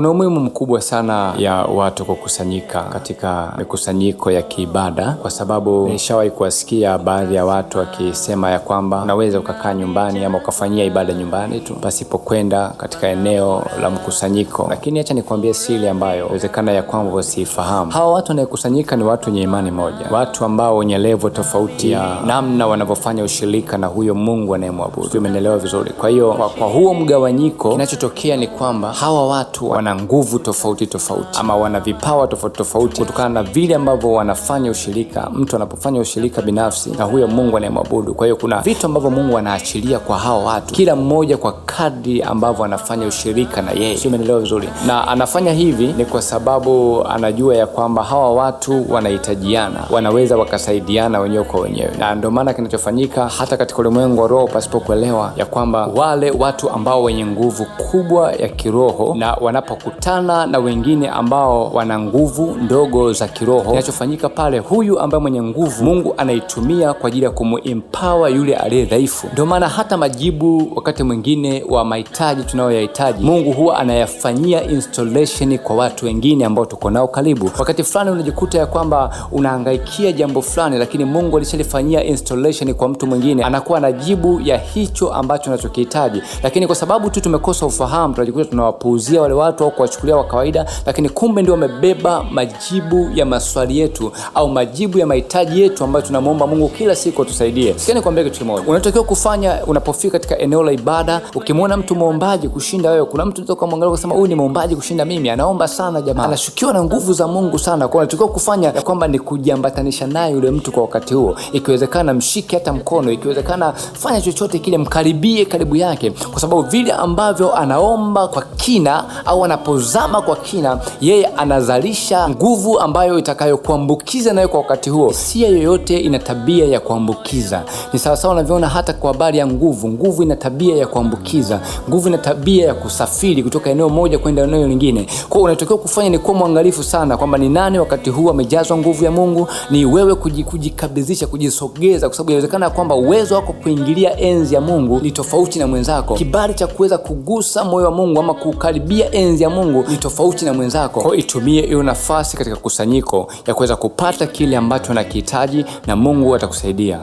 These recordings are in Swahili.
Kuna umuhimu mkubwa sana ya watu kukusanyika katika mikusanyiko ya kiibada, kwa sababu nishawahi kuwasikia baadhi ya watu wakisema ya kwamba unaweza ukakaa nyumbani ama ukafanyia ibada nyumbani tu pasipo kwenda katika eneo la mkusanyiko. Lakini acha nikuambia siri ambayo inawezekana ya kwamba usiifahamu. Hawa watu wanaokusanyika ni watu wenye imani moja, watu ambao wenye levo tofauti ya namna wanavyofanya ushirika na huyo Mungu anayemwabudu. Umenielewa vizuri? Kwa hiyo kwa, kwa huo mgawanyiko kinachotokea ni kwamba hawa watu wana wana nguvu tofauti tofauti ama wana vipawa tofauti tofauti kutokana na vile ambavyo wanafanya ushirika. Mtu anapofanya ushirika binafsi na huyo Mungu anayemwabudu. Kwa hiyo kuna vitu ambavyo Mungu anaachilia kwa hao watu, kila mmoja kwa kadri ambavyo anafanya ushirika na yeye, sio? vizuri? Na anafanya hivi ni kwa sababu anajua ya kwamba hawa watu wanahitajiana, wanaweza wakasaidiana wenyewe kwa wenyewe, na ndio maana kinachofanyika hata katika ulimwengu wa roho pasipokuelewa ya kwamba wale watu ambao wenye nguvu kubwa ya kiroho na wanapo unapokutana na wengine ambao wana nguvu ndogo za kiroho, kinachofanyika pale, huyu ambaye mwenye nguvu, Mungu anaitumia kwa ajili ya kumempower yule aliye dhaifu. Ndio maana hata majibu wakati mwingine wa mahitaji tunayoyahitaji, Mungu huwa anayafanyia installation kwa watu wengine ambao tuko nao karibu. Wakati fulani unajikuta ya kwamba unahangaikia jambo fulani, lakini Mungu alishalifanyia installation kwa mtu mwingine, anakuwa na jibu ya hicho ambacho unachokihitaji, lakini kwa sababu tu tumekosa ufahamu, tunajikuta tunawapuuzia wale watu watu au kuwachukulia wa kawaida, lakini kumbe ndio wamebeba majibu ya maswali yetu au majibu ya mahitaji yetu ambayo tunamwomba Mungu kila siku atusaidie. Sikia nikwambie kitu kimoja unatakiwa kufanya unapofika katika eneo la ibada. Ukimwona mtu mwombaji kushinda wewe, kuna mtu ukamwangalia ukasema, huyu ni mwombaji kushinda mimi, anaomba sana jamaa, anashukiwa na nguvu za Mungu sana. Kwa unatakiwa kufanya ya kwamba ni kujiambatanisha naye yule mtu kwa wakati huo, ikiwezekana mshike hata mkono, ikiwezekana fanya chochote kile, mkaribie karibu yake, kwa sababu vile ambavyo anaomba kwa kina au anapozama kwa kina, yeye anazalisha nguvu ambayo itakayokuambukiza nayo kwa wakati huo. Hisia yoyote ina tabia ya kuambukiza. Ni sawasawa unavyoona hata kwa habari ya nguvu, nguvu ina tabia ya kuambukiza, nguvu ina tabia ya kusafiri kutoka eneo moja kwenda eneo lingine. Kwa hiyo unatakiwa kufanya ni kuwa mwangalifu sana kwamba ni nani wakati huu amejazwa nguvu ya Mungu, ni wewe kujikabidhisha, kujisogeza, kwa sababu inawezekana kwamba uwezo wako kuingilia enzi ya Mungu ni tofauti na mwenzako. Kibali cha kuweza kugusa moyo wa Mungu ama kukaribia enzi mapenzi ya Mungu ni tofauti na mwenzako. Kwa itumie hiyo nafasi katika kusanyiko ya kuweza kupata kile ambacho unakihitaji na Mungu atakusaidia.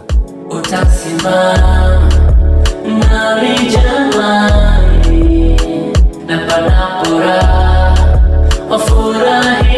Utasimama na panapo wafurahi